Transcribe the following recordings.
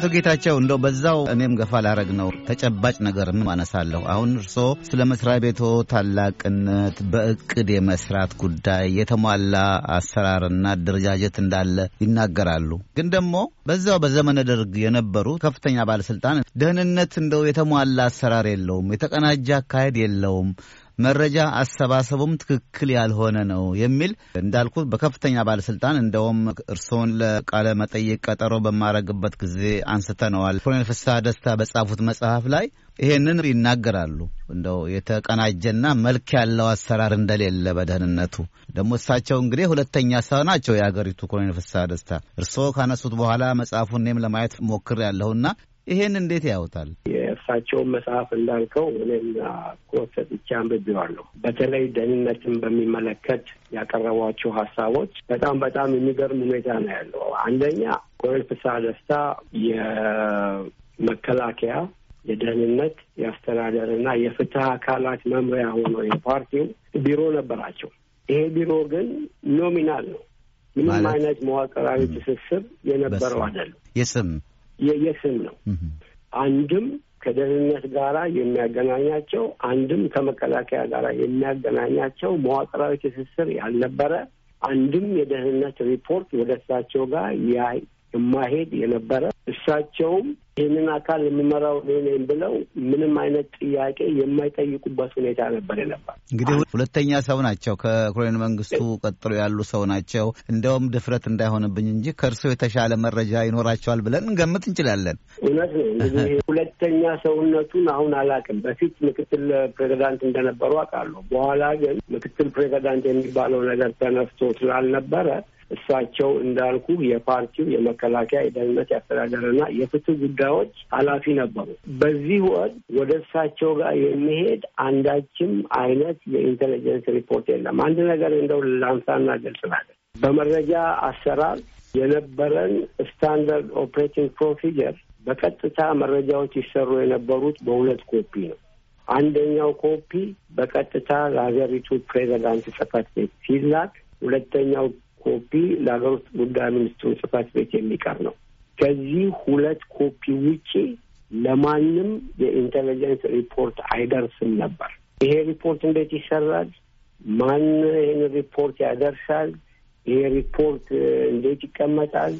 አቶ ጌታቸው እንደው በዛው እኔም ገፋ ላረግ ነው ተጨባጭ ነገርም አነሳለሁ። አሁን እርስዎ ስለ መስሪያ ቤቶ ታላቅነት፣ በእቅድ የመስራት ጉዳይ የተሟላ አሰራርና አደረጃጀት እንዳለ ይናገራሉ። ግን ደግሞ በዛው በዘመነ ደርግ የነበሩ ከፍተኛ ባለስልጣን ደህንነት እንደው የተሟላ አሰራር የለውም፣ የተቀናጀ አካሄድ የለውም መረጃ አሰባሰቡም ትክክል ያልሆነ ነው የሚል እንዳልኩት በከፍተኛ ባለስልጣን እንደውም እርስዎን ለቃለ መጠይቅ ቀጠሮ በማረግበት ጊዜ አንስተነዋል። ኮሎኔል ፍስሐ ደስታ በጻፉት መጽሐፍ ላይ ይሄንን ይናገራሉ። እንደው የተቀናጀና መልክ ያለው አሰራር እንደሌለ በደህንነቱ ደግሞ እሳቸው እንግዲህ ሁለተኛ ሰው ናቸው የአገሪቱ ኮሎኔል ፍስሐ ደስታ። እርስዎ ካነሱት በኋላ መጽሐፉን እኔም ለማየት ያለሁና ይሄን እንዴት ያውታል? የእሳቸውን መጽሐፍ እንዳልከው እኔም ኮት አንብቤዋለሁ። በተለይ ደህንነትን በሚመለከት ያቀረቧቸው ሀሳቦች በጣም በጣም የሚገርም ሁኔታ ነው ያለው። አንደኛ ኮሎኔል ፍስሐ ደስታ የመከላከያ የደህንነት የአስተዳደርና የፍትህ አካላት መምሪያ ሆኖ የፓርቲው ቢሮ ነበራቸው። ይሄ ቢሮ ግን ኖሚናል ነው። ምንም አይነት መዋቅራዊ ትስስር የነበረው አይደለም። የስም የየስም ነው። አንድም ከደህንነት ጋራ የሚያገናኛቸው አንድም ከመከላከያ ጋራ የሚያገናኛቸው መዋቅራዊ ትስስር ያልነበረ አንድም የደህንነት ሪፖርት ወደ እሳቸው ጋር የማሄድ የነበረ እሳቸውም ይህንን አካል የሚመራው እኔ ነኝ ብለው ምንም አይነት ጥያቄ የማይጠይቁበት ሁኔታ ነበር የነበር። እንግዲህ ሁለተኛ ሰው ናቸው፣ ከኮሎኔል መንግስቱ ቀጥሎ ያሉ ሰው ናቸው። እንደውም ድፍረት እንዳይሆንብኝ እንጂ ከእርስዎ የተሻለ መረጃ ይኖራቸዋል ብለን እንገምት እንችላለን። እውነት ነው። እንግዲህ ሁለተኛ ሰውነቱን አሁን አላውቅም። በፊት ምክትል ፕሬዚዳንት እንደነበሩ አውቃለሁ። በኋላ ግን ምክትል ፕሬዚዳንት የሚባለው ነገር ተነፍቶ ስላልነበረ እሳቸው እንዳልኩ የፓርቲው የመከላከያ፣ የደህንነት፣ የአስተዳደርና የፍትህ ጉዳዮች ኃላፊ ነበሩ። በዚህ ወቅት ወደ እሳቸው ጋር የሚሄድ አንዳችም አይነት የኢንቴሊጀንስ ሪፖርት የለም። አንድ ነገር እንደው ላንሳና ግልጽ በመረጃ አሰራር የነበረን ስታንዳርድ ኦፕሬቲንግ ፕሮሲጀር በቀጥታ መረጃዎች ይሰሩ የነበሩት በሁለት ኮፒ ነው። አንደኛው ኮፒ በቀጥታ ለሀገሪቱ ፕሬዚዳንት ጽሕፈት ቤት ሲላክ፣ ሁለተኛው ኮፒ ለሀገር ውስጥ ጉዳይ ሚኒስትሩ ጽፈት ቤት የሚቀር ነው። ከዚህ ሁለት ኮፒ ውጪ ለማንም የኢንቴሊጀንስ ሪፖርት አይደርስም ነበር። ይሄ ሪፖርት እንዴት ይሰራል? ማን ይህን ሪፖርት ያደርሳል? ይሄ ሪፖርት እንዴት ይቀመጣል?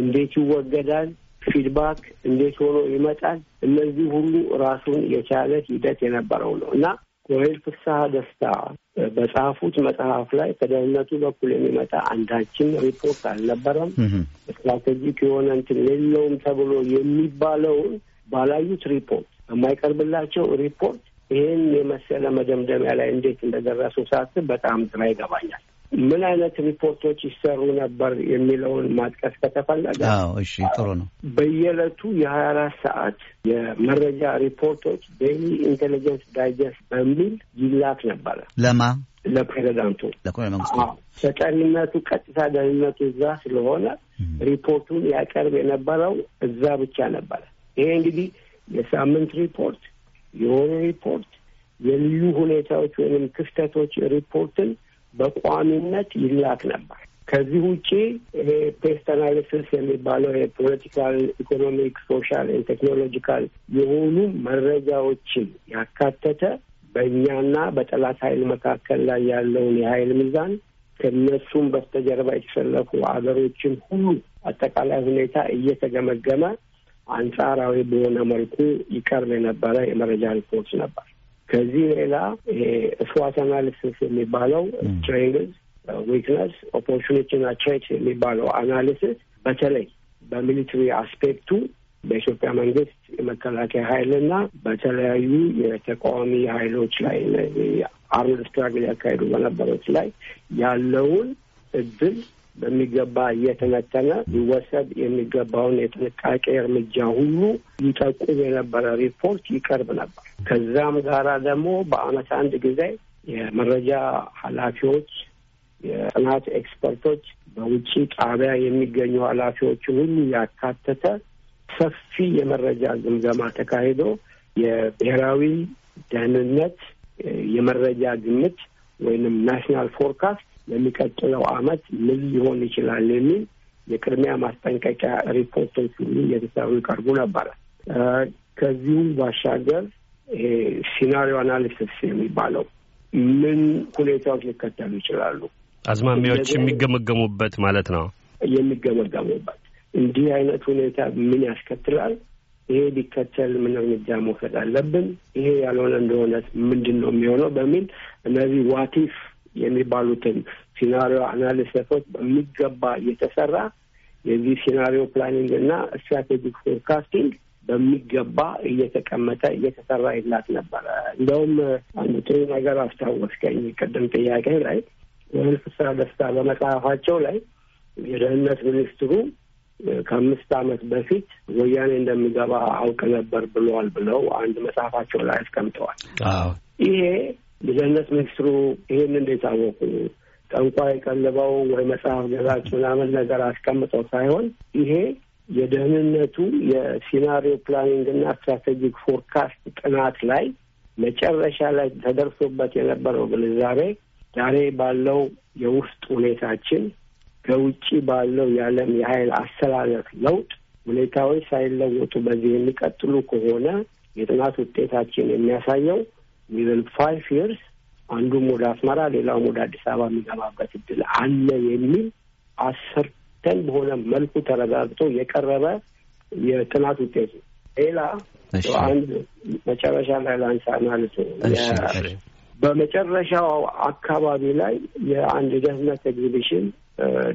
እንዴት ይወገዳል? ፊድባክ እንዴት ሆኖ ይመጣል? እነዚህ ሁሉ ራሱን የቻለ ሂደት የነበረው ነው እና ኮሄል ፍስሐ ደስታ በጻፉት መጽሐፍ ላይ ከደህንነቱ በኩል የሚመጣ አንዳችን ሪፖርት አልነበረም። ስትራቴጂክ የሆነ እንትን የለውም ተብሎ የሚባለውን ባላዩት ሪፖርት በማይቀርብላቸው ሪፖርት ይህን የመሰለ መደምደሚያ ላይ እንዴት እንደደረሱ ሰት በጣም ግራ ይገባኛል። ምን አይነት ሪፖርቶች ይሰሩ ነበር የሚለውን ማጥቀስ ከተፈለገ፣ እሺ፣ ጥሩ ነው። በየዕለቱ የሀያ አራት ሰዓት የመረጃ ሪፖርቶች ዴይሊ ኢንቴሊጀንስ ዳይጀስት በሚል ይላክ ነበረ። ለማ ለፕሬዚዳንቱ ተጠሪነቱ ቀጥታ ደህንነቱ እዛ ስለሆነ ሪፖርቱን ያቀርብ የነበረው እዛ ብቻ ነበረ። ይሄ እንግዲህ የሳምንት ሪፖርት፣ የወሩ ሪፖርት፣ የልዩ ሁኔታዎች ወይም ክፍተቶች ሪፖርትን በቋሚነት ይላክ ነበር። ከዚህ ውጪ ይሄ ፔስት አናሊሲስ የሚባለው የፖለቲካል፣ ኢኮኖሚክ፣ ሶሻል፣ ቴክኖሎጂካል የሆኑ መረጃዎችን ያካተተ በእኛና በጠላት ኃይል መካከል ላይ ያለውን የኃይል ሚዛን ከነሱም በስተጀርባ የተሰለፉ አገሮችን ሁሉ አጠቃላይ ሁኔታ እየተገመገመ አንጻራዊ በሆነ መልኩ ይቀርብ የነበረ የመረጃ ሪፖርት ነበር። ከዚህ ሌላ ይሄ እስዋት አናሊሲስ የሚባለው ስትሬንግዝ፣ ዊክነስ፣ ና ትሬት የሚባለው አናሊሲስ በተለይ በሚሊትሪ አስፔክቱ በኢትዮጵያ መንግስት የመከላከያ ኃይልና በተለያዩ የተቃዋሚ ኃይሎች ላይ አርምድ ስትራግል ያካሄዱ በነበሮች ላይ ያለውን እድል በሚገባ እየተነተነ ሊወሰድ የሚገባውን የጥንቃቄ እርምጃ ሁሉ ይጠቁም የነበረ ሪፖርት ይቀርብ ነበር። ከዛም ጋራ ደግሞ በአመት አንድ ጊዜ የመረጃ ኃላፊዎች የጥናት ኤክስፐርቶች በውጭ ጣቢያ የሚገኙ ኃላፊዎችን ሁሉ ያካተተ ሰፊ የመረጃ ግምገማ ተካሂዶ የብሔራዊ ደህንነት የመረጃ ግምት ወይንም ናሽናል ፎርካስት ለሚቀጥለው አመት ምን ሊሆን ይችላል የሚል የቅድሚያ ማስጠንቀቂያ ሪፖርቶች ሁሉ እየተሰሩ ይቀርቡ ነበረ። ከዚሁም ባሻገር ይሄ ሲናሪዮ አናሊሲስ የሚባለው ምን ሁኔታዎች ሊከተሉ ይችላሉ፣ አዝማሚያዎች የሚገመገሙበት ማለት ነው። የሚገመገሙበት እንዲህ አይነት ሁኔታ ምን ያስከትላል፣ ይሄ ሊከተል ምን እርምጃ መውሰድ አለብን፣ ይሄ ያልሆነ እንደሆነ ምንድን ነው የሚሆነው በሚል እነዚህ ዋቲፍ የሚባሉትን ሲናሪዮ አናሊሲሶች በሚገባ እየተሰራ የዚህ ሲናሪዮ ፕላኒንግ እና ስትራቴጂክ ፎርካስቲንግ በሚገባ እየተቀመጠ እየተሰራ ይላት ነበረ። እንደውም አንድ ጥሩ ነገር አስታወስከኝ። ቅድም ጥያቄ ላይ የህልፍ ስራ ደስታ በመጽሐፋቸው ላይ የደህንነት ሚኒስትሩ ከአምስት ዓመት በፊት ወያኔ እንደሚገባ አውቅ ነበር ብለዋል ብለው አንድ መጽሐፋቸው ላይ አስቀምጠዋል። ይሄ የደህንነት ሚኒስትሩ ይሄን እንዴት አወቁ? ጠንቋይ ቀልበው ወይ መጽሐፍ ገዛች ምናምን ነገር አስቀምጠው ሳይሆን ይሄ የደህንነቱ የሲናሪዮ ፕላኒንግ እና ስትራቴጂክ ፎርካስት ጥናት ላይ መጨረሻ ላይ ተደርሶበት የነበረው ግንዛቤ ዛሬ ባለው የውስጥ ሁኔታችን ከውጭ ባለው የዓለም የኃይል አሰላለፍ ለውጥ ሁኔታዎች ሳይለወጡ በዚህ የሚቀጥሉ ከሆነ የጥናት ውጤታችን የሚያሳየው ዊዝን ፋይቭ ይርስ አንዱም ወደ አስመራ ሌላውም ወደ አዲስ አበባ የሚገባበት እድል አለ የሚል አስር ተን በሆነ መልኩ ተረጋግጦ የቀረበ የጥናት ውጤት ነው። ሌላ አንድ መጨረሻ ላይ ላንሳ ማለት በመጨረሻው አካባቢ ላይ የአንድ የደህንነት ኤግዚቢሽን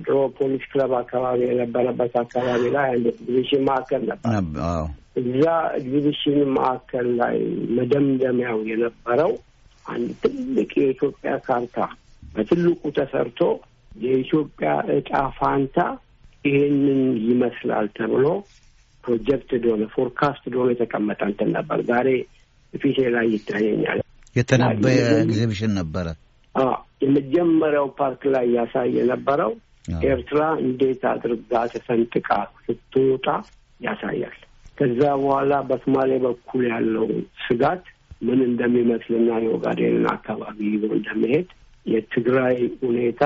ድሮ ፖሊስ ክለብ አካባቢ የነበረበት አካባቢ ላይ አንድ ኤግዚቢሽን ማዕከል ነበር። እዛ ኤግዚቢሽን ማዕከል ላይ መደምደሚያው የነበረው አንድ ትልቅ የኢትዮጵያ ካርታ በትልቁ ተሰርቶ የኢትዮጵያ እጣ ፋንታ ይሄንን ይመስላል ተብሎ ፕሮጀክት ደሆነ ፎርካስት ደሆነ የተቀመጠ እንትን ነበር። ዛሬ ፊቴ ላይ ይታየኛል። የተነበየ ኤግዚቢሽን ነበረ። የመጀመሪያው ፓርክ ላይ ያሳይ የነበረው ኤርትራ እንዴት አድርጋ ተሰንጥቃ ስትወጣ ያሳያል። ከዛ በኋላ በሶማሌ በኩል ያለው ስጋት ምን እንደሚመስልና የኦጋዴንን አካባቢ ይዞ እንደመሄድ የትግራይ ሁኔታ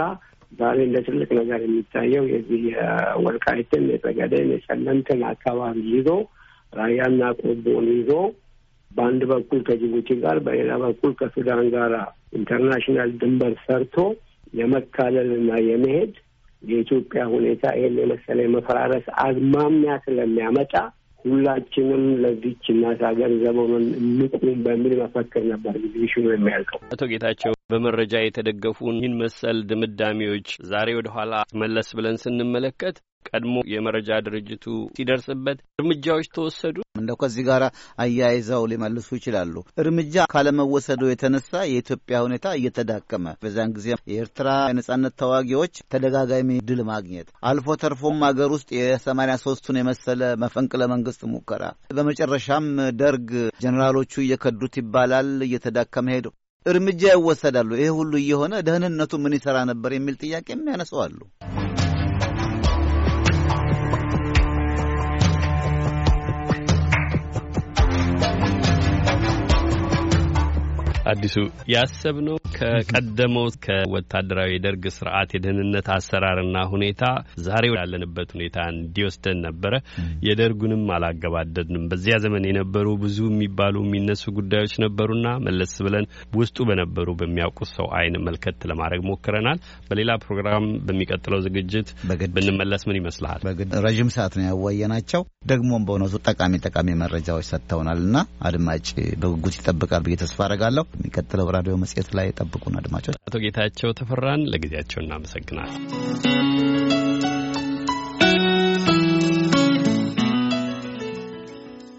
ዛሬ እንደ ትልቅ ነገር የሚታየው የዚህ የወልቃይትን፣ የጠገደን የሰለምትን አካባቢ ይዞ ራያና ቆቦን ይዞ በአንድ በኩል ከጅቡቲ ጋር በሌላ በኩል ከሱዳን ጋር ኢንተርናሽናል ድንበር ሰርቶ የመካለልና የመሄድ የኢትዮጵያ ሁኔታ ይህን የመሰለ የመፈራረስ አዝማሚያ ስለሚያመጣ ሁላችንም ለዚች እናት ሀገር ዘመኑን እንቁም በሚል መፈክር ነበር ግቢሽኑ የሚያልቀው። አቶ ጌታቸው በመረጃ የተደገፉን ይህን መሰል ድምዳሜዎች ዛሬ ወደኋላ መለስ ብለን ስንመለከት ቀድሞ የመረጃ ድርጅቱ ሲደርስበት እርምጃዎች ተወሰዱ? እንደው ከዚህ ጋር አያይዘው ሊመልሱ ይችላሉ። እርምጃ ካለመወሰዱ የተነሳ የኢትዮጵያ ሁኔታ እየተዳከመ በዚያን ጊዜ የኤርትራ የነጻነት ታዋጊዎች ተደጋጋሚ ድል ማግኘት አልፎ ተርፎም አገር ውስጥ የሰማንያ ሶስቱን የመሰለ መፈንቅለ መንግስት ሙከራ በመጨረሻም ደርግ ጀኔራሎቹ እየከዱት ይባላል እየተዳከመ ሄዱ እርምጃ ይወሰዳሉ። ይሄ ሁሉ እየሆነ ደህንነቱ ምን ይሰራ ነበር የሚል ጥያቄም ያነሳዋሉ። አዲሱ ያሰብነው ከቀደመው ከወታደራዊ የደርግ ስርዓት የደህንነት አሰራርና ሁኔታ ዛሬ ያለንበት ሁኔታ እንዲወስደን ነበረ። የደርጉንም አላገባደድንም። በዚያ ዘመን የነበሩ ብዙ የሚባሉ የሚነሱ ጉዳዮች ነበሩና መለስ ብለን ውስጡ በነበሩ በሚያውቁ ሰው አይን መልከት ለማድረግ ሞክረናል። በሌላ ፕሮግራም በሚቀጥለው ዝግጅት ብንመለስ ምን ይመስልሃል? ረዥም ሰዓት ነው ናቸው። ደግሞም በእውነቱ ጠቃሚ ጠቃሚ መረጃዎች ሰጥተውናል እና አድማጭ በጉጉት ይጠብቃል ብዬ ተስፋ አረጋለሁ። በሚቀጥለው ራዲዮ መጽሔት ላይ ጠብቁን አድማጮች። አቶ ጌታቸው ተፈራን ለጊዜያቸው እናመሰግናል።